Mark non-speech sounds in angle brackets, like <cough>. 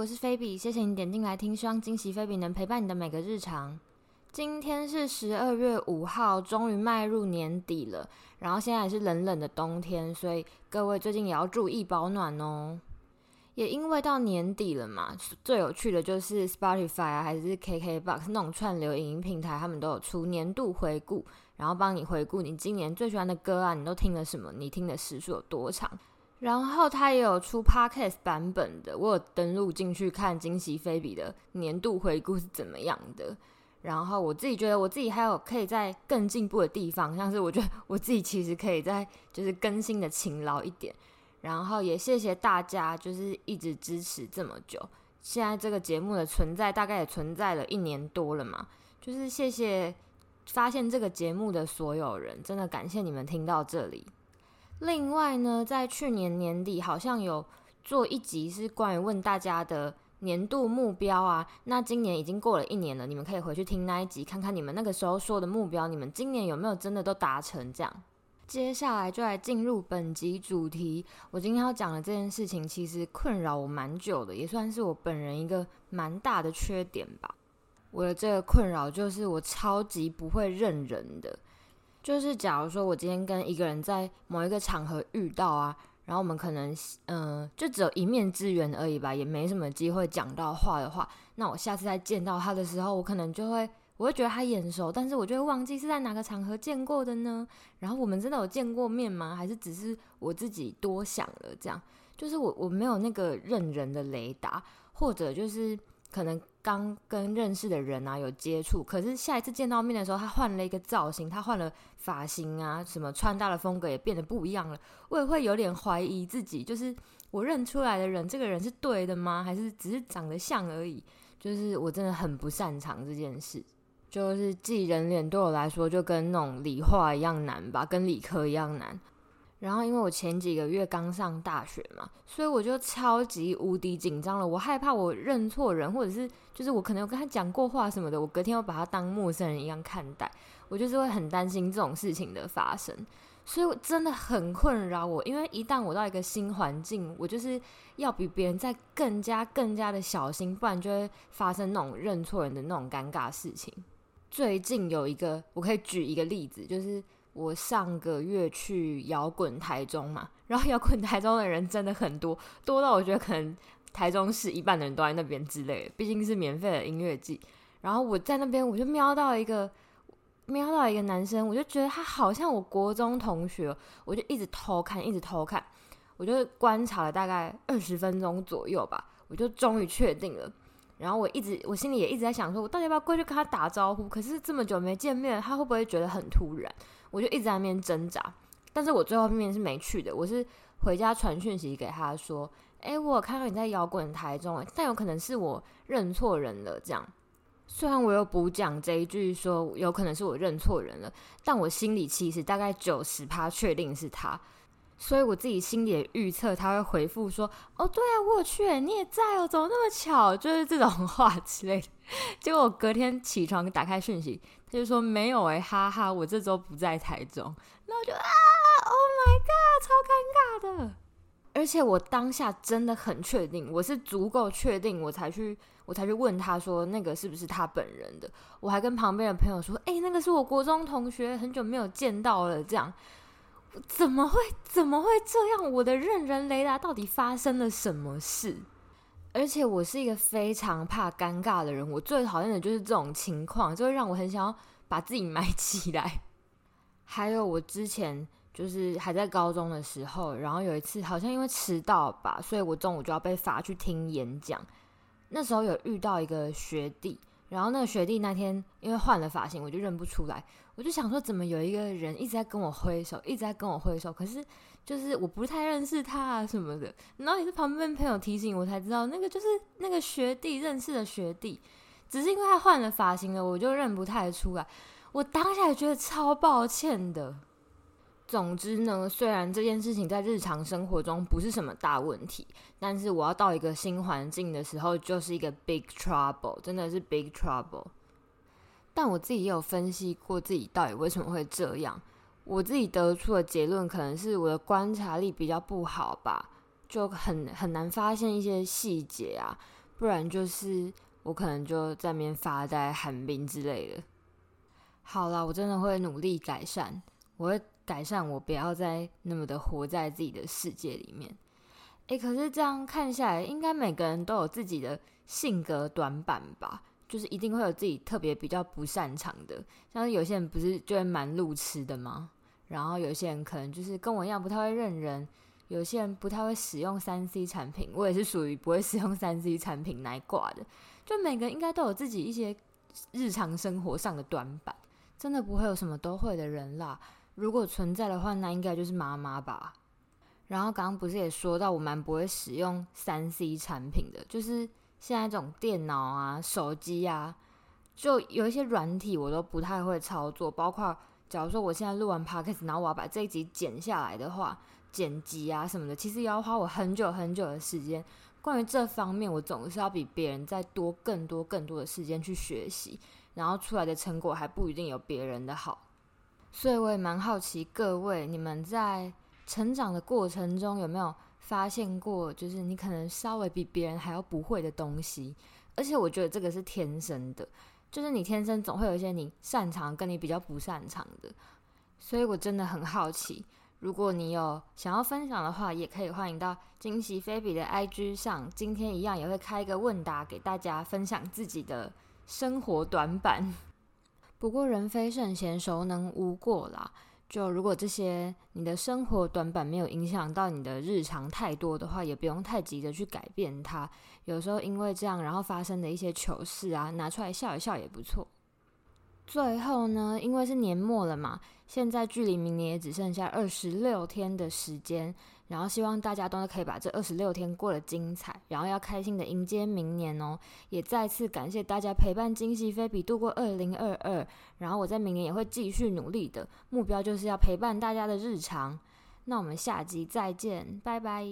我是菲比，謝謝你點進來聽，希望今昔菲比能陪伴你的每個日常。今天是十二月五號，終於邁入年底了。然後現在是冷冷的冬天，所以各位最近也要注意保暖哦。也因為到年底了嘛，最有趣的就是 Spotify 啊，還是 KKBOX 那種串流影音平台，他們都有出年度回顧，然後幫你回顧你今年最喜歡的歌啊，你都聽了什麼？你聽的時數有多長？然後他也有出 Podcast 版本的，我有登錄進去看《今昔菲比》的年度回顧是怎麼樣的。然後我自己覺得，我自己還有可以在更進步的地方，像是我覺得我自己其實可以再就是更新的勤勞一點。然後也謝謝大家，就是一直支持這麼久。現在這個節目的存在大概也存在了一年多了嘛，就是謝謝發現這個節目的所有人，真的感謝你們聽到這裡。另外呢，在去年年底好像有做一集是關於問大家的年度目標啊。那今年已經過了一年了，你們可以回去聽那一集，看看你們那個時候說的目標，你們今年有沒有真的都達成？這樣，接下來就來進入本集主題。我今天要講的這件事情，其實困擾我蠻久的，也算是我本人一個蠻大的缺點吧。我的這個困擾就是我超級不會認人的。就是假如說我今天跟一個人在某一個場合遇到啊，然後我們可能嗯、呃，就只有一面之緣而已吧，也沒什麼機會講到話的話，那我下次再見到他的時候，我可能就會，我會覺得他眼熟，但是我就會忘記是在哪個場合見過的呢？然後我們真的有見過面嗎？還是只是我自己多想了？這樣就是我我沒有那個認人的雷達，或者就是可能。剛跟認識的人啊有接觸，可是下一次見到面的時候，他換了一個造型，他換了髮型啊，什麼穿搭的風格也變得不一樣了。我也會有點懷疑自己，就是我認出來的人，這個人是對的嗎？還是只是長得像而已？就是我真的很不擅長這件事，就是記人臉對我來說就跟那種理化一樣難吧，跟理科一樣難。然後，因為我前幾個月剛上大學嘛，所以我就超級無敵緊張了。我害怕我認錯人，或者是就是我可能有跟他講過話什麼的，我隔天要把他當陌生人一樣看待，我就是會很擔心這種事情的發生，所以我真的很困擾我。因為一旦我到一個新環境，我就是要比別人再更加更加的小心，不然就會發生那種認錯人的那種尷尬事情。最近有一個，我可以舉一個例子，就是。我上個月去搖滾台中嘛，然後搖滾台中的人真的很多，多到我覺得可能台中市一半的人都在那邊之類的。畢竟是免費的音樂季，然後我在那邊我就瞄到一個，瞄到一個男生，我就覺得他好像我國中同學，我就一直偷看，一直偷看，我就觀察了大概二十分鐘左右吧，我就終於確定了。然後我一直我心裡也一直在想說，說我到底要不要過去跟他打招呼？可是這麼久沒見面，他會不會覺得很突然？我就一直在那邊掙扎。但是我最後面是沒去的，我是回家傳訊息給他說：“哎，我有看到你在搖滾台中，但有可能是我認錯人了。”這樣，雖然我又補講這一句說有可能是我認錯人了，但我心裡其實大概九十趴確定是他。所以我自己心裡也預測他會回復說：“哦，對啊，我去，你也在哦，怎麼那麼巧？”就是這種話之類的。 <laughs> 結果我隔天起床打開訊息，他就說：“沒有誒，哈哈，我這週不在台中。”然後我就啊，Oh my god，超尷尬的。而且我當下真的很確定，我是足夠確定，我才去我才去問他說那個是不是他本人的。我還跟旁邊的朋友說：“誒，那個是我國中同學，很久沒有見到了。”這樣。怎麼會怎麼會這樣？我的認人雷達到底發生了什麼事？而且我是一個非常怕尷尬的人，我最討厭的就是這種情況，就會讓我很想要把自己埋起來。還有我之前就是還在高中的時候，然後有一次好像因為遲到吧，所以我中午就要被罰去聽演講。那時候有遇到一個學弟。然後那個學弟那天因為換了髮型，我就認不出來。我就想說，怎麼有一個人一直在跟我揮手，一直在跟我揮手？可是就是我不太認識他啊什麼的。然後也是旁邊朋友提醒我才知道，那個就是那個學弟認識的學弟，只是因為他換了髮型了，我就認不太出來。我當下也覺得超抱歉的。總之呢，雖然這件事情在日常生活中不是什麼大問題，但是我要到一個新環境的時候，就是一個 big trouble，真的是 big trouble。但我自己也有分析過自己到底為什麼會這樣，我自己得出的結論可能是我的觀察力比較不好吧，就很很難發現一些細節啊，不然就是我可能就在那邊發呆、寒冰之類的。好了，我真的會努力改善，我會。改善我，不要再那麼的活在自己的世界裡面。誒、欸，可是這樣看下來，應該每個人都有自己的性格短板吧？就是一定會有自己特別比較不擅長的。像是有些人不是就會蠻路痴的嗎？然後有些人可能就是跟我一樣不太會認人，有些人不太會使用三 C 產品。我也是屬於不會使用三 C 產品來掛的。就每個人應該都有自己一些日常生活上的短板，真的不會有什麼都會的人啦。如果存在的話，那應該就是媽媽吧。然後剛剛不是也說到，我蠻不會使用 3C 產品的，就是現在這種電腦啊、手機啊，就有一些軟體我都不太會操作。包括假如說我現在錄完 Podcast，然後我要把這一集剪下來的話，剪輯啊什麼的，其實也要花我很久很久的時間。關於這方面，我總是要比別人再多、更多、更多的時間去學習，然後出來的成果還不一定有別人的好。所以我也蠻好奇各位，你們在成長的過程中有沒有發現過，就是你可能稍微比別人還要不會的東西？而且我覺得這個是天生的，就是你天生總會有一些你擅長跟你比較不擅長的。所以我真的很好奇，如果你有想要分享的話，也可以歡迎到今昔菲比的 IG 上。今天一樣也會開一個問答，給大家分享自己的生活短板。不過人非聖賢，孰能無過啦？就如果這些你的生活短板沒有影響到你的日常太多的話，也不用太急着去改變它。有時候因為這樣，然後發生的一些糗事啊，拿出來笑一笑也不錯。最後呢，因為是年末了嘛，現在距離明年也只剩下二十六天的時間，然後希望大家都可以把這二十六天過得精彩，然後要開心地迎接明年哦。也再次感謝大家陪伴今昔菲比度過二零二二，然後我在明年也會繼續努力的目標就是要陪伴大家的日常。那我們下集再見，拜拜。